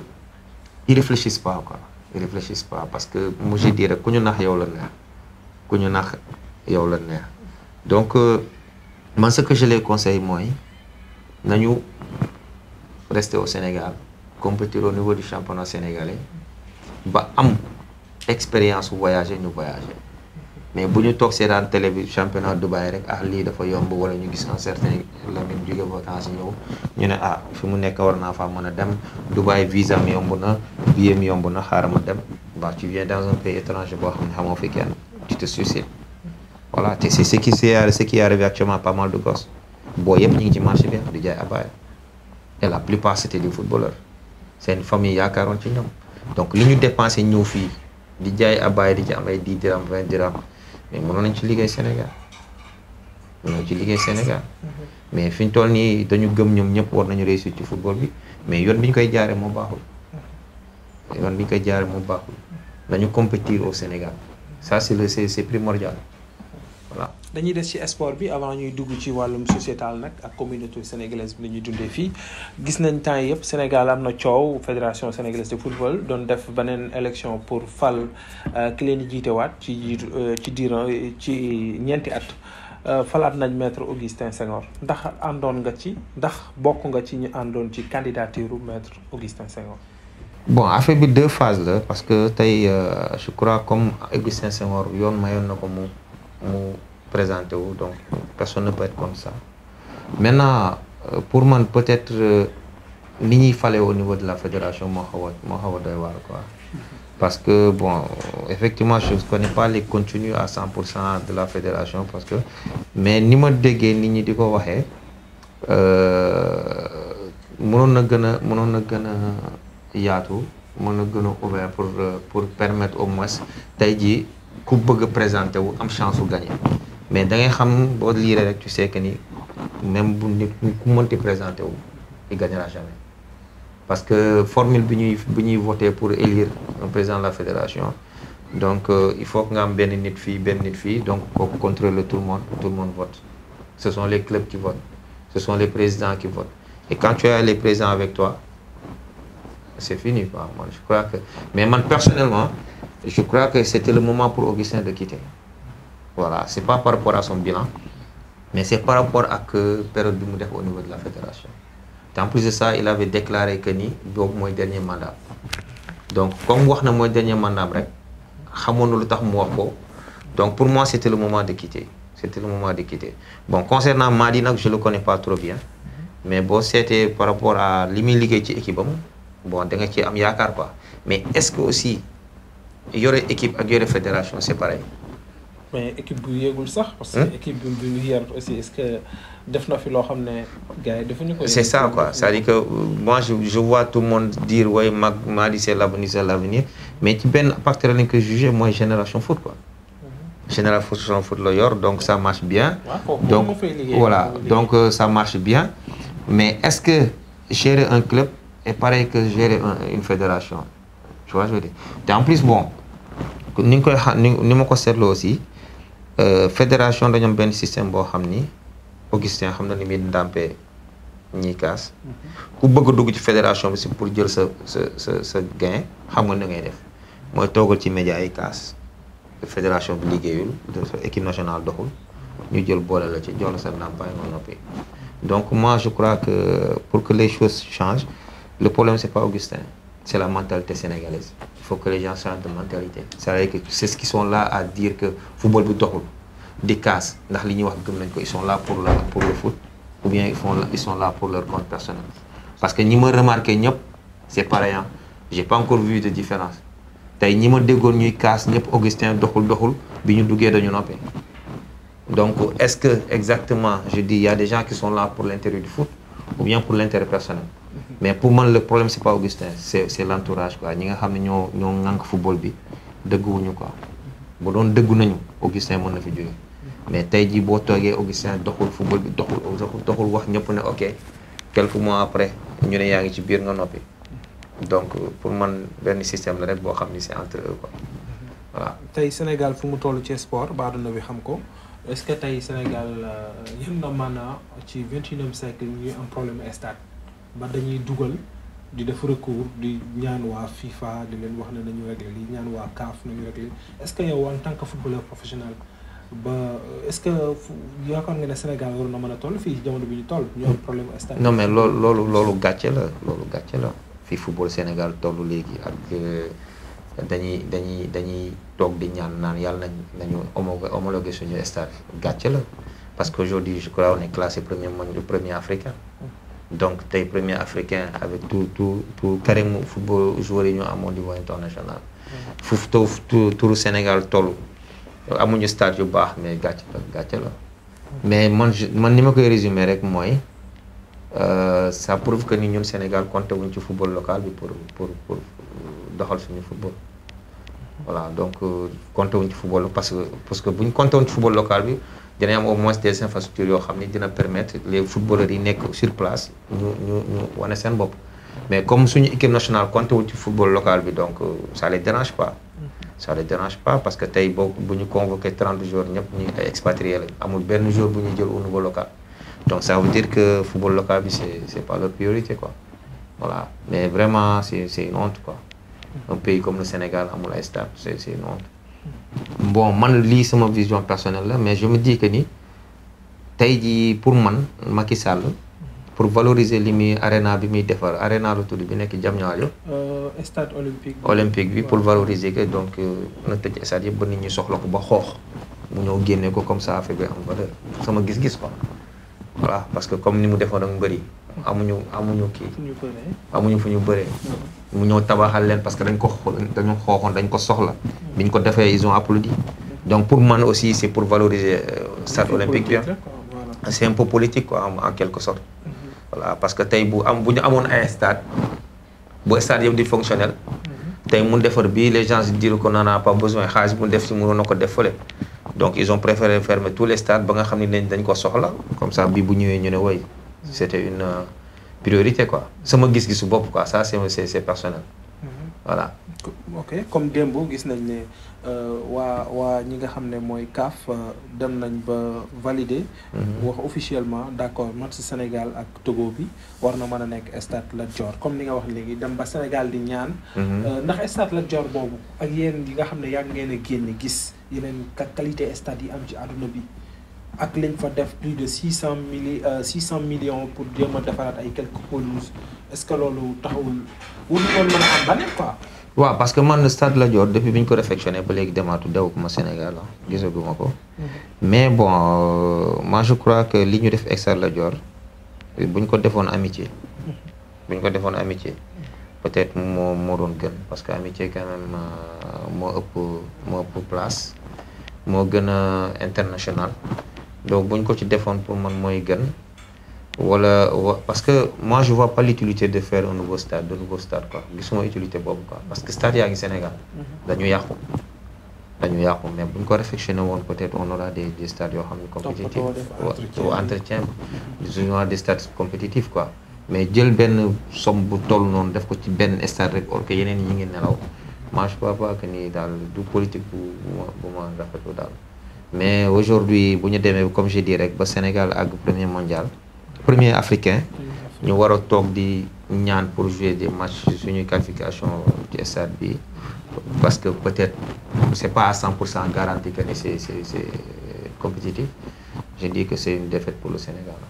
ils ne réfléchissent pas. Quoi. Ils ne réfléchissent pas parce que, moi je ñu nax yow la un Donc, euh, moi, ce que je les conseille, moi, nous rester au Sénégal, compétir au niveau du championnat sénégalais, bah, am expérience voyager, nous voyager. mais bu ñu toog seetaan télé bi championnat Dubaï rek ah lii dafa yomb wala ñu gis un certain Lamine jóge vacances ñëw ñu ne ah fi mu nekk war naa faa mën a dem Dubaï visa mi yomb na billet mi yomb na xaaral ma dem waaw tu viens dans un pays étranger boo xam ne xam fi kenn tu te suicides voilà te c'est ce qui c'est ce qui est actuellement pas mal de gosses boo yëpp ñu ngi ci marché bi di jaay abaya et la plupart c'était des footballeurs seen famille yaakaaroon ci ñoom donc li ñu dépensé ñëw fii di jaay abaya di ci am ay 10 dirham 20 mais mënoon nañ ci liggéey Sénégal mënoon ci liggéey Sénégal mais fi ñu toll nii dañu gëm ñoom ñëpp war nañu réussir ci football bi mais yoon bi ñu koy jaaree moo baaxul yoon bi ñu koy jaaree moo baaxul nañu compétir au Sénégal ça c'est le c'est primordial voilà. dañuy des ci sport bi avant ñuy dugg ci wàllum sociétal nag ak communauté sénégalaise bi la ñuy dundee fii gis nañ temps yëpp Sénégal am na coow fédération sénégalaise de football doon def beneen élection pour fal euh, ki leen di jiitewaat ci euh, ci diiran ci ñeenti at euh, falaat nañ maître Augustin Senghor ndax àndoon nga ci ndax bokk nga ci ñu àndoon ci candidature maître Augustin Senghor. bon affaire bi deux phases la parce que tey je crois comme Augustin Senghor yoon mayoon na ko mu mu présenté wu donc personne ne peut être comme ça maintenant pour man peut-être ni ñuy fale au niveau de la fédération moo xawa a moo xaw a quoi parce que bon effectivement je ne connais pas les contenus à 100 pour cent de la fédération parce que mais ni ma déggee nit ñi di ko waxee mënoon na gën a mënoon na gën a yaatu mën na gën a ouvert pour pour permettre au moins tey jii ku bëgg a wu am chance su gagner mais da ngay xam boo liiree rek tu sais que ni même bu nit ku mënti présenté wu il gagnera jamais parce que formule bi ñuy bi ñuy voté pour élire un président de la fédération donc euh, il faut que nga am benn nit fii benn nit fii donc kooku contrôler tout le monde tout le monde vote ce sont les clubs qui votent ce sont les présidents qui votent et quand tu as les présidents avec toi c'est fini quoi que mais man personnellement je crois que c'était le moment pour Augustin de quitter voilà c'est pas par rapport à son bilan mais c'est par rapport ak période bi mu def au niveau de la fédération te plus de ça il avait déclaré que ni boobu mooy dernier mandat donc comme wax na mooy dernier mandat rek xamoon na lu tax mu wax ko donc pour moi c'était le moment de quitter c'était le moment de quitter bon concernant Madi nag je le connais pas trop bien mais boo seetee par rapport à li muy liggéey ci équipe am bon da nga ci am yaakaar quoi mais est-ce que aussi yore équipe ak yore fédération c'est mais équipe bu yéegul sax. parce que hmm? équipe bi que def na fi loo xam ne gars yi defuñu ko. c'est ça quoi c'est-à-dire que euh, moi je je vois tout le monde dire way mag Mali c'est l'avenir c'est l'avenir mais ci benn partie lañ ko jugé mooy génération foot quoi. Hmm. génération foot la yor donc ça marche bien. donc voilà donc euh, ça marche bien. mais est-ce que gérer un club est pareil que gérer un, fédération tu je veux en plus bon ni nga aussi. Euh, fédération dañu am benn système boo xam ni Augustin xam na ni muy ndàmpee ñiy kaas mhm. ku bëgg dugg ci fédération bi si pour jël sa sa sa sa gain xam nga ni ngay def mooy toogal ci média ay kaas fédération bi liggéeyul sa équipe nationale doxul ñu jël boole la ci jox la sa ndàmpaay nga noppi donc moi je crois que pour que les choses change le problème c'est pas Augustin c'est la mentalité sénégalaise faut que les gens changent de mentalité cest à ce qui sont là à dire que football bi doxul di kaas ndax li ñuy wax gëm nañ ko ils sont pour la pour le foot ou bien ils font ils sont là pour leur compte personnel parce que ni ma remarqué ñëpp c'est pareil hein j'ai pas encore vu de différence tey ñi ma déggoon ñuy kaas ñëpp Augustin doxul doxul bi ñu duggee dañu noppi donc est-ce que exactement je dis il y des gens qui sont là pour l'intérêt du foot ou bien pour l'intérêt personnel mais pour man la problème c' est pas Augustin c' est c' l' entourage quoi ñi nga xam ne ñoo ñoo ŋànk football bi dëgguwuñu quoi bu doon dëggu nañu Augustin mën na fi jóge mais tey jii boo toogee Augustin doxul football bi doxul doxul wax ñëpp ne ok quelques mois après ñu ne yaa ngi ci biir nga noppi donc pour man benn système la rek boo xam ni c' est entre eux quoi voilà. Sénégal fu mu toll ci sport baa àdduna bi xam ko est ce que tey Sénégal yem na maanaam ci vingt et unième siècle ñuy am problème ba dañuy dugal di def recours di ñaan waa FIFA di leen wax ne nañu régler lii ñaan waa CAF nañu régler est-ce que yow en tant footballeur professionnel ba est-ce que yaakaar nga ne Sénégal waroon na mën a toll fii jamono bi ñu toll. ñu am problème stade. non mais loolu loolu loolu gàcce la loolu gàcce la fii football Sénégal toll léegi ak euh, dañuy dañuy dañuy toog di ñaan naan yàlla nañu nañu homologué suñu stade gàcce la parce que aujourd'hui je crois on est premier donc tey premier africain avec tout tout tout carrément football joueurs yi ñu amoon niveau international. foofu taw turu Sénégal toll amuñu stade yu baax mais gàcce la gàcce la mais man man ni ma koy résumer rek mooy euh, ça prouve que ni ñun Sénégal compté wuñ ci football local bi pour pour pour doxal suñu football. voilà donc euh, compté wuñ ci football parce que parce que buñ compté wuñ ci football local bi. dina am au moins des infrastructures yoo xam ni dina permettre les footballeurs yi nekk sur place ñu ñu wane seen bopp mais comme suñu équipe nationale compté wul ci football local bi donc euh, ça les dérange pas mm-hmm. ça les dérange pas parce que tey boo bu ñu convoqué 30 joueurs ñëpp ñu ay expatriés lañ amul benn jour bu ñu jël au niveau local donc ça veut dire que football local bi c'est c'est pas leur priorité quoi voilà mais vraiment c'est c'est une honte quoi pays comme le Sénégal amul ay stade bon man lii sama vision personnelle la mais je me ni tey jii pour man Macky Sall pour valoriser li muy arena bi muy defar arena lu tudd bi nekk Diamniadio. Euh, stade olympique bi olympique bi pour valoriser que donc euh, na tëj stade yëpp ba nit ñu soxla ko ba xoox. mu ñëw génne ko comme ça affaire bi am valeur sama gis-gis quoi waa parce que comme ni mu defoon ak mbëri amuñu amuñu kii amuñu fu ñu bëree mu ñëw tabaxal leen parce que dañ ko dañu xooxoon dañ ko soxla biñ ko defee ils ont applaudi donc pour man aussi c'est pour valoriser euh, stade olympique bi c'est un peu politique quoi en quelque sorte mm-hmm. voilà parce que tey bu am bu ñu amoon ay stade bu stade yëpp di fonctionnel mm-hmm. tey mun defar bii les gens dire qu'on n'en a pas def si mënoon na ko def fële donc ils ont préféré fermer tous les stades ba nga xam ne dañ ko soxla comme ça bii bu ñëwee ñu ne woy c'était une euh, priorité quoi sama gis-gisu bopp quoi ça c'est c'est personnel. Mhm. voilà. ok comme démb gis nañ ne euh, waa waa ñi nga xam ne mooy CAF euh, dem nañ ba valider. Mhm. wax officiellement d'accord match Sénégal ak Togo bi war na mën a nekk stade Lat Dior comme ni nga wax léegi dem ba Sénégal di ñaan. Mhm. Euh, ndax stade Lat Dior boobu ak yéen yi nga xam ne yàgg ngeen a génn gis yeneen qualité stade yi am ci àdduna bi. ak lañ fa def plus de six cent mille euh, six cent millions pour jéem a defaraat ay quelques pelouses est ce que loolu taxawul wutu woon mën a am waaw parce que man stade Lat Dior depuis bi ñu ko réfectionné ba léegi demaatu dawaguma Sénégal ah gisaguma ko. Mhm. mais bon euh, moi je crois que li ñu def stade Lat Dior bu ñu ko defoon amitié. bu ñu ko defoon amitié. peut-être moo moo doon gën parce que amitié quand même euh, moo ëpp moo ëpp place moo gën a international. donc buñ ko ci defoon pour man mooy gën wala parce que moi je vois pas l'utilité de faire un nouveau stade de nouveau stade gisuma utilité boobu quoi parce que stade yaa ngi Sénégal mm-hmm. dañu yàqu dañu yàqu mais buñ ko réfectionné woon peut-être on aura des des stades yoo xam ne compétitifs entretien ba mm-hmm. des stades compétitifs quoi mais jël benn somme bu toll noonu def ko ci benn stade rek or que yeneen yi ñu ngi nelaw moi je vois pas que nii daal du politique bu bu ma daal mais aujourd'hui bu ñu demee comme je dis rek ba Sénégal ak premier mondial premier africain ñu war a toog di ñaan pour jouer des matchs suñuy qualification ci stade bi parce que peut-être c'est pas à 100 pour cent garanti que ni c'est c'est c'est compétitif je dis que c'est une pour le Sénégal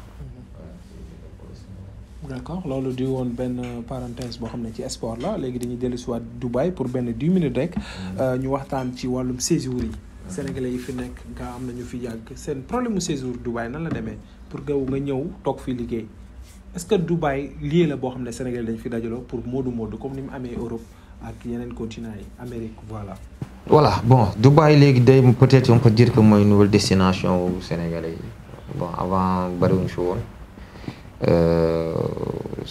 d'accord loolu di woon benn parenthèse boo xam ne ci sport la léegi dañuy dellu si waat Dubaï pour benn 10 minutes rek mm. euh, ñu waxtaan ci wàllum séjour sénégalais yi fi nekk nga am na ñu fi yàgg seen problème mu séjour Dubaï nan la demee pour gaw nga ñëw toog fii liggéey est-ce que Dubaï lii la boo xam ne sénégalais dañu fi dajaloo pour moodu moodu comme ni mu amee Europe ak yeneen continent yi Amérique voilà. voilà bon Dubaï léegi day peut-être on peut dire que mooy nouvelle destination wu sénégalais yi bon avant bariwuñ fi woon euh,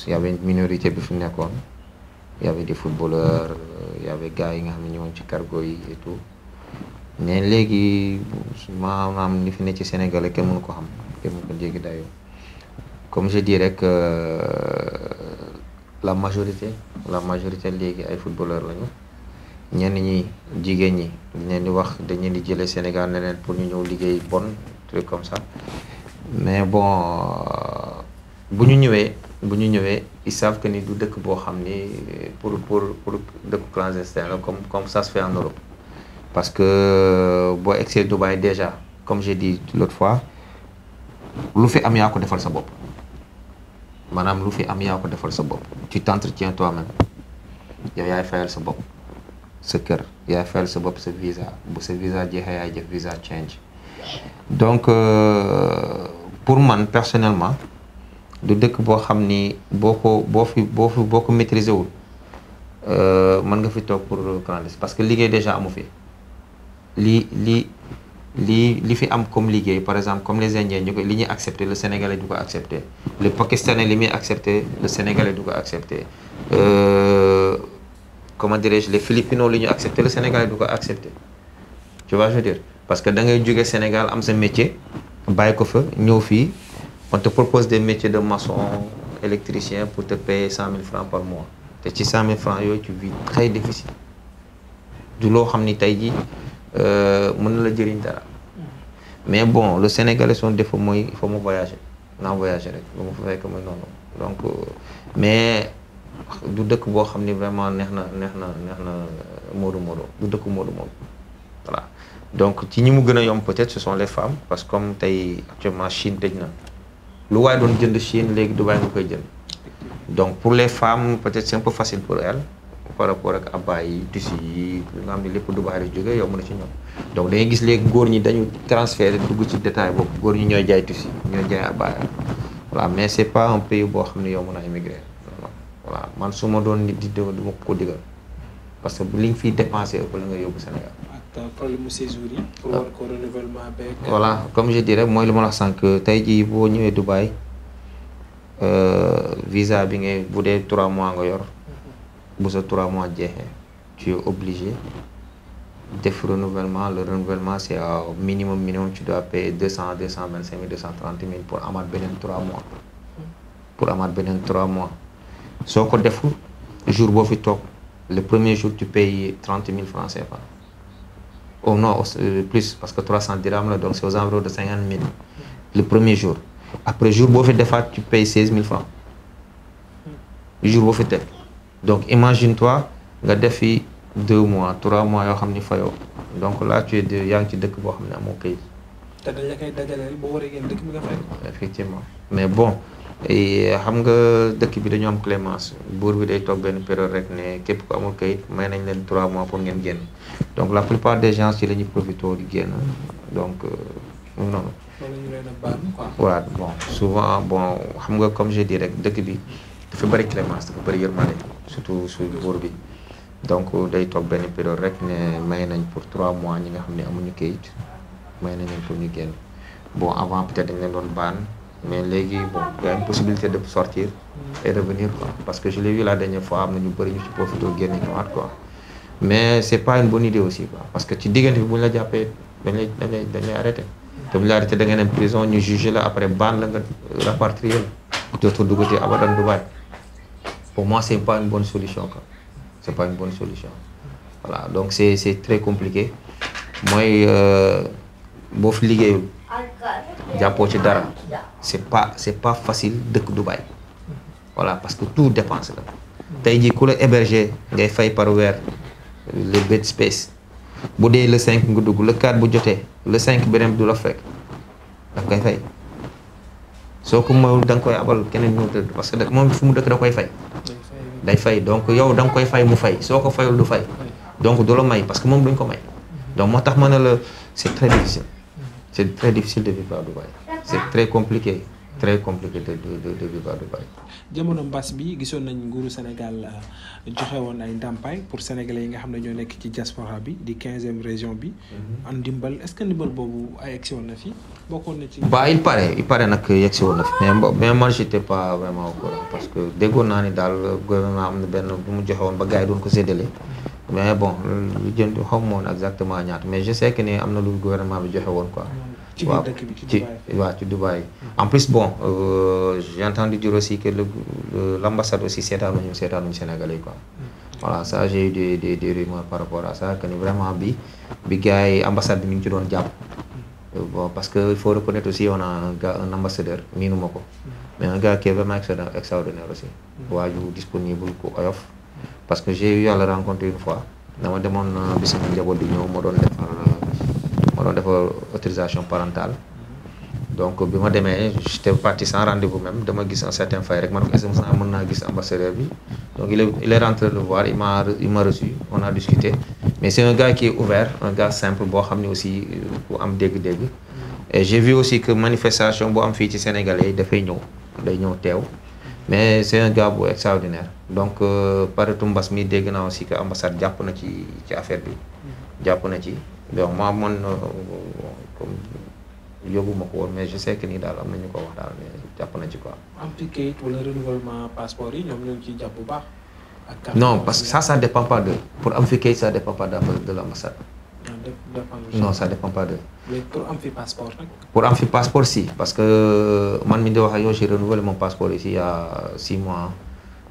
y minorité bi fi nekkoon y avait des footballeurs euh, y avait gars yi nga xam ne ñëwoon ci cargo yi et tout. mais léegi maanaam ni fi ne ci Sénégal kenn mënu ko xam kenn mënu ko jéggi dayoo comme je di rek euh, la majorité la majorité léegi ay footballeur lañu ñenn ñi jigéen ñi dañ leen di wax dañ leen di jëlee Sénégal ne leen pour ñu ñëw liggéey bon truc comme ça mais bon euh, bu ñu ñëwee bu ñu ñëwee ils savent que ni du dëkk boo xam ni pour pour pour dëkku clandestin la comme comme ça se fait en Europe. parce que boo egsee Dubaï déjà comme j'ai di l'autre fois lu fi am yaa ko defal sa bopp maanaam lu fi am yaa ko defal sa bopp tu tentre toi-même yow yaay fayal sa bopp sa kër yaay fayal sa bopp sa visa bu sa visa jeexee yaay def visa change donc euh, pour man personnellement du dëkk boo xam ni boo ko boo fi boo fi boo ko maîtriser wul euh, mën nga fi toog pour clandestin euh, parce que liggéey déjà amu fi. li li li li fi am comme liggéey par exemple comme les Indiens ñu li ñuy accepté le Sénégalais du ko accepté le Pakistanais li muy accepté le Sénégalais du ko accepté euh, comment dirais-je les Philippines li ñu accepté le Sénégalais du ko accepté tu vois je dire parce que da ngay jóge Sénégal am sa métier bàyyi ko fa ñëw fii on te propose des métiers de maçon électricien pour te payer cent mille francs par mois te ci cent mille francs yooyu ci vis très difficile du loo xam tey jii Euh, mën na la jëriñ dara mais bon le sénégalais son défaut mooy il faut mu voyager naa voyager rek lu mu fa fekk muy noonu donc euh, mais du dëkk boo xam ni vraiment neex na neex na neex na euh, moodu moodu du dëkk moodu moodu voilà donc ci ñi mu gën a yomb peut-être ce sont les femmes parce que comme tey actuellement Chine dëj na lu waaye doon jënd Chine léegi Dubaï nga koy jënd donc pour les femmes peut-être c'est un peu facile pour elles par rapport ak abbaay yi tissu yi nga xam lépp Dubaï la jóge yow mën na ci ñoom donc dañuy gis léegi góor ñi dañu transféré dugg ci détail boobu góor ñi ñooy jaay tissu ñooy jaay abbaay voilà mais c' est pas un pays boo xam ne yow mën a émigré voilà man su ma doon nit di du ma parce que bu li nga fiy dépensé ëpp la nga yóbbu Sénégal. ak euh, problème mu séjour yi. pour ah. war ko renouvellement mooy li ma la sànq tey jii boo ñëwee Dubaï euh, visa bi ngay bu dee trois mois nga yor. bu sa trois mois jeexee tu es obligé def renouvellement le renouvellement c'est au euh, minimum minimum tu dois payer cent deux cent vingt cinq mille deux cent trente mille pour amaat beneen trois mois pour amaat beneen trois mois soo ko defu jour boo fi toog le premier jour tu payes trente mille francs CFA oh non euh, plus parce que trois cent dirhams la donc c'est aux environs de cinquante mille le premier jour après jour boo fi defaat tu payes seize mille francs jour boo fi teg donc imagine toi nga def fi deux mois trois mois yoo xam ni fayoo donc la tu es de yaa ngi ci dëkk boo xam ne amoo kayit. te boo waree dëkk bi nga effectivement mais bon euh, xam nga dëkk bi dañu am clémence buur bi day toog benn période rek ne képp ko amul kayit may nañ leen trois mois pour ngeen génn donc la plupart des gens ci la ñuy profité di génn donc euh, noonu. waaw bon souvent bon xam nga comme je dis rek dëkk bi dafa bëri clémence dafa bëri yërmande. surtout suñu buur bi donc day toog benn période rek ne may nañ pour trois mois ñi nga xam ne amuñu kayit may nañ leen pour ñu génn bon avant peut dañ leen doon baan mais léegi bon y a une possibilité de sortir et revenir quoi parce que je l'ai vu la dernière fois am na ñu bëri ñu ci profité génn ñëwaat quoi mais c'est pas une bonne idée aussi quoi parce que ci diggante bi bu ñu la jàppee dañ lay dañ lay dañ lay arrêté te bu la arrêté da nga dem prison ñu jugé la après baan la nga euh, rapatrier la dootoo duggati abadan Dubaay pour moi, c'est pas une bonne solution. Ce n'est pas une solution. Voilà, donc c'est très compliqué. Moi, euh, boo fi liggéeyul jàppoo ci dara c'est pas c'est pas facile dëkk Dubaï voilà parce que tout dépense la tey jii ku la héberger ngay fay par weer le bed space bu dee le cinq nga dugg le quatre bu jotee le cinq beneen du la fekk daf koy fay soo ko mayul da nga koy abal keneen ñëw tëdd parce que moom fu mu dëkk da koy fay day fay donc yow da nga koy fay mu fay soo ko fayul du fay donc du la may parce que moom duñ ko may donc moo tax ma ne la c'est très difficile c'est très difficile de vivre à Dubaï c'est très compliqué très compliqué de de de vivre à Dubaï. jamono mbas bi gisoon nañ nguuru Sénégal euh, joxe woon ay ndàmpaay pour sénégalais yi nga xam ne ñoo nekk ci diaspora bi di quinzième région bi. Mhm. am ndimbal est-ce que ndimbal boobu ay yegsi woon na fi bokkoon na ci. ba il paraît il paraît nag yegsi woon na fi. mais mbo mais man j'étais pas vraiment au courant parce que déggoon naa ni daal gouvernement am na benn bu mu joxe woon ba gars yi doon ko séddale. mais bon lu jëm xaw ma woon exactement ñaata mais je sais que ne am na lu gouvernement bi joxe woon quoi. ci biir dëkk ci Dubaï waaw ci Dubaï. en plus bon euh, j'ai entendu dire aussi que le l'ambassade aussi seetaaluñu seetaaluñu Sénégalais quoi. Mm. voilà ça j'ai eu des des par rapport à ça que ni vraiment bi bi gars yi ambassade bi mi ngi ci doon jàpp. Mm. Euh, bon parce que il aussi on a un ma ko. Mm. mais un gars qui est vraiment extraordinaire aussi. waa ju disponible ku oyof. parce que j'ai eu à le rencontrer une fois dama demoon euh, bis sama njaboot di ñëw ma doon defar. waroon dafa autorisation parentale donc bi ma demee j'étais parti sans rendez-vous même dama gis un certain Faye rek man ko est-ce mën naa gis ambassadeur bi donc il est il est rentré le voir il m'a il m'a on a discuté mais c'est un gars qui ouvert un gars simple boo xam ne aussi ku am dégg-dégg et j'ai vu aussi que manifestation boo am fii ci Sénégalais yi dafay ñëw day ñëw teew mais c'est un gars bu extraordinaire donc euh, paretu mbas mi dégg naa aussi que ambassade jàpp na ci ci affaire bi jàpp na ci don maa man comme yóbbu ma ko woon mais je sais nii daal am na ko wax daal mais jàpp na ci quoi. am ci kayit wala renouvellement passeport yi ñoom ñoo ciy jàpp bu baax. ak non parce que ça ça dépend pas de pour am fi kayit ça dépend pas de l' ambassade. non ça dépend pas de. mais pour fi passeport pour am fi passeport si parce que euh, man mi de wax ak yow j'ai renouvelé mon passeport ici si y six mois.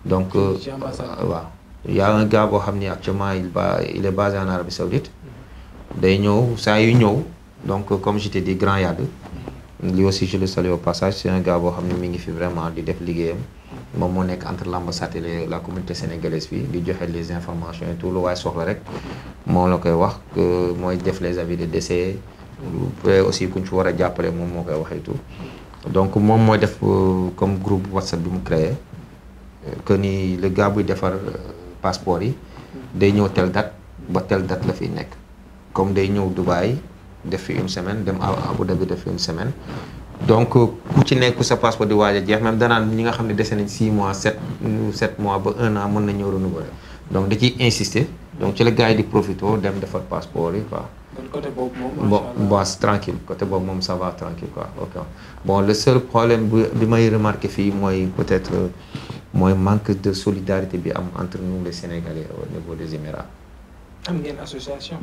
donc euh, euh, waaw y a un gars boo xam ni actuellement il ba il est basé en Arabie Saoudite. day ñëw saa yu ñëw donc comme je t'ai dit grand yàgg lui aussi je le salue au passage c'est un gars boo xam ne mi ngi fi vraiment di def liggéeyam moom moo nekk entre l'ambassade et la communauté sénégalaise fii di joxe les informations yi tout lu waaye soxla rek moom la koy wax mooy def les avis de décès aussi kuñ ci war a jàppale moom moo koy wax et tout donc moom mooy def euh, comme groupe WhatsApp bi mu créé que ni le gars buy defar euh, passeport yi day ñëw tel date ba tel date nekk comme day ñëw Dubaï def fi une semaine dem Abu Dhabi def fi une semaine donc euh, ku ci nekk sa passeport di waaj a jeex même danaan ñi nga xam ne dese nañ 6 mois 7 7 mois ba 1 an mën na ñëw renouveler donc da ciy insister donc ci la gars yi di profité dem defar passeport yi quoi. côté boobu moom bon bon tranquille côté boobu moom ça va tranquille quoi ok bon le seul problème bi may remarqué fii mooy peut-être euh, mooy manque de solidarité bi am entre nous les Sénégalais au niveau am ngeen association.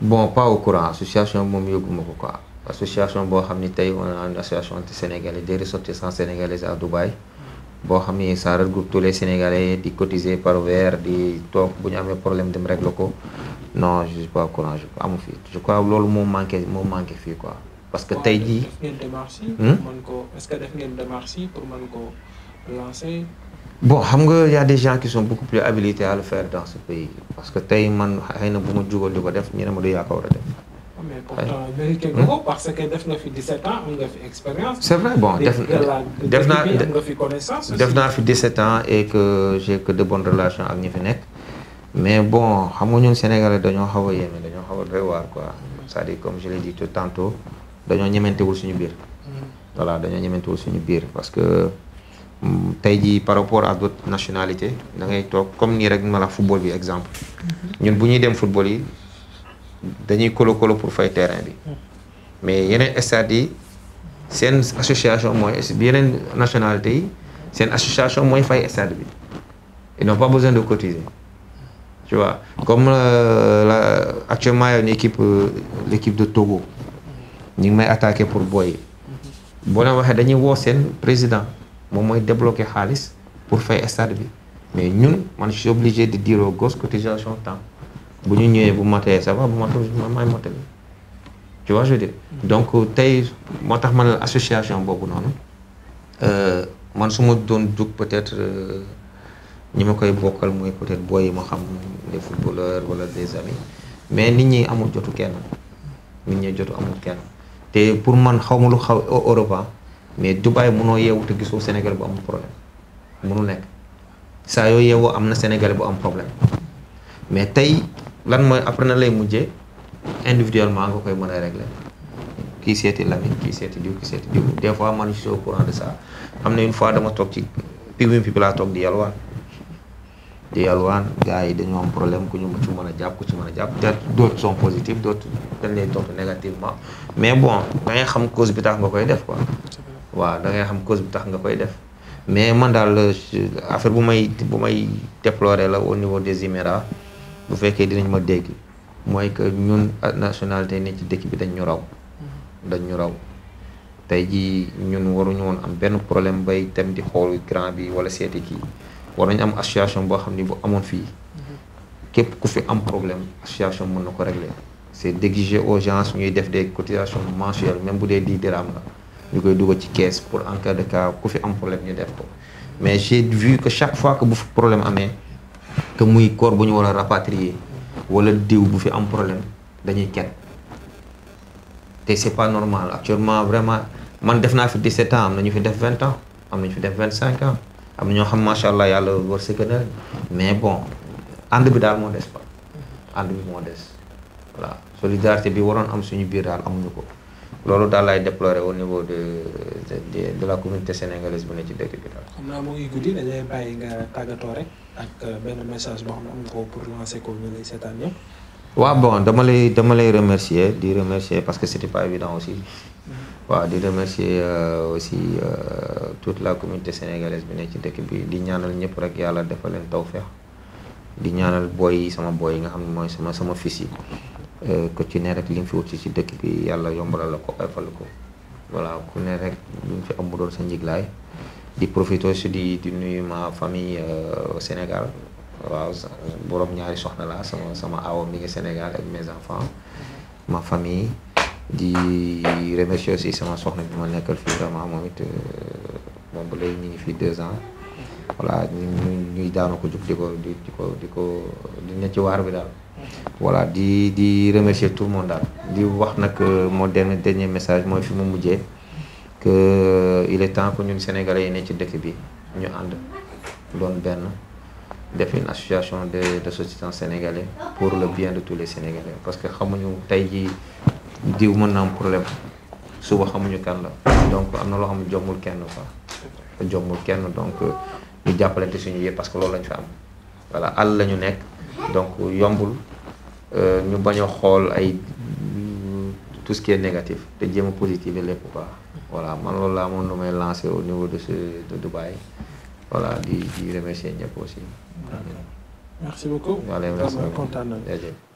bon pas au courant association moom yëguma ko quoi association boo xam ni tey on a une association de sénégalais des ressortissants sénégalais à Dubaï. boo xam ni ça regroupe tous les sénégalais di cotiser par weer di toog bu ñu amee problème dem régler ko non je suis pas au courant je amu fi je crois loolu moo manqué moo manqué fii quoi. parce que tey jii. def hmm? ko est-ce que def ngeen pour mën ko lancer. bon xam nga y a des gens qui sont beaucoup plus habilités à le faire dans ce pays parce que tey man xëy na bu ma jugal di ko def ñu ma du yaa ko def. Ah, mais pourtant hmm? que def na fi 17 ans am nga fi expérience. c'est vrai bon def def naa fi connaissance. def naa fi 17 ans et que j'ai que de bonnes relations ak ñi fi nekk mais bon xam nga ñun Sénégalais dañoo xaw a yéeme dañoo xaw a waar quoi cest de dire comme je l'ai dit tout tantôt dañoo ñementewul suñu biir. Hmm. voilà dañoo ñementewul suñu biir parce que. tey jii par rapport à d'autres nationalités da ngay toog comme nii rek ma la football bi exemple. Mhm. ñun bu ñuy dem football yi dañuy kolo kolo pour fay terrain bi. mais yeneen stades yi seen association mooy yeneen nationalité yi seen association mooy fay stade bi ils n'ont pas besoin de cotiser. comme euh, la, actuellement yow ni équipe euh, l'équipe de Togo ñu ngi may attaqué pour booy mhm. boo leen waxee dañuy woo seen président. moom mooy débloquer xaalis pour fay stade bi mais ñun man je suis obligé de dire au cotisation temps bu ñu ñëwee bu matee ça va bu matul maay mottali tu vois je donc tey moo tax man la association boobu noonu euh, man su ma doon jug peut-être euh, ñi ma koy bokkal mooy peut-être booy yi ma xam des footballeurs wala des amis mais nit ñi amul jotu kenn nit ñi jotu amul kenn te pour man xaw ma lu xaw europa mais du Dubaï munoo yeewu te gisoo Sénégal bu am problème munu nekk saa yoo yeewoo am na Sénégal bu am problème mais tey lan mooy après na lay mujjee individuellement nga koy mën a régler kii seeti Lamine kii seeti diw kii seeti diw des fois man je suis au courant de ça am na une fois dama toog ci piwim bi laa toog di yalwaan di yalwaan gars yi dañoo am problème ku ñu ci a jàpp ku ci man a jàpp peut-être d'autres sont positifs d'autres dañ lay topp négativement mais bon da xam cause bi tax koy def waaw da ngay xam cause bi tax nga koy def mais man daal euh, affaire bu may bu may déplorer la au niveau des Émirats bu fekkee dinañ ma dégg mooy que ñun nationalité yi ne ci dëkk bi dañu ñu raw dañ ñu raw tey jii ñun waruñu woon am benn problème bay dem di xool grand bi wala seeti kii war am association boo xam ni bu amoon fii képp ku fi am problème association mën na ko régler c'est déguisé aux gens ñuy def des cotisations mensuelles même bu dee 10 dirham la ñu koy dugal ci caisse pour en cas de cas ku fi am problème ñu def ko mais j'ai vu que chaque fois que bu fi problème amee que muy corps bu ñu war a rapatrier wala diw bu fi am problème dañuy ket te c'est pas normal actuellement vraiment man def naa fi 17 ans am na ñu fi def 20 ans am na ñu fi def 25 ans am na ñoo xam macha allah yàlla war si gën mais bon ànd bi daal moo des ba ànd bi moo des voilà solidarité bi waroon am suñu biir daal amuñu ko. loolu daal laay déplorer au niveau de de de la communauté sénégalaise bu ne ci dëkk bi daal. xam naa mu ngi guddi nga tàggatoo rek ak euh, message boo am ko ko ñu lay seetaan ñëpp. waaw bon dama lay dama lay remercier di remercier parce que c'était pas évident aussi. Mm-hmm. waaw di remercier euh, aussi euh, toute la communauté sénégalaise bi ne ci dëkk bi di ñaanal ñëpp rek yàlla defal leen tawfeex di ñaanal booy sama booy yi nga xam ne mooy sama sama fils yi. ku ci ne rek li fi wut si si dëkk bi yàlla yombalal la ko ayfal ko voilà ku ne rek lum mu fi am mu doon sa njiglaay di profité si di di nuyu ma famille euh, Sénégal waaw borom ñaari soxna laa sama sama awo mi ngi Sénégal ak mes enfants ma famille di remercier si sama soxna bi ma nekkal fi vraiment moom it euh, moom ba léegi ñu ngi fii deux ans voilà ñu ñuy daanu ko ko di ko di ko di ne ci waar bi daal voilà di di remercier tout le monde daal di wax nag euh, moo dernier dernier message mooy fi mu mujjee que euh, il est temps que ñun sénégalais yi ne ci dëkk bi ñu ànd doon benn def une association de de sociétés pour le bien de tous les sénégalais parce que xamuñu tey jii diw mën na am problème suba xamuñu kan la donc am na loo xam jommul kenn quoi jommul kenn donc euh, ñu jàppalante suñu yëpp parce que loolu lañu fi am voilà àll lañu nekk. donc yombul euh, ñu bañ a xool ay tout ce qui est négatif te jéem a positiver lépp quoi voilà man loolu laa moom lu may lancer au niveau de ce de Dubaï voilà di di remercier ñëpp aussi. merci beaucoup. waaleykum salaam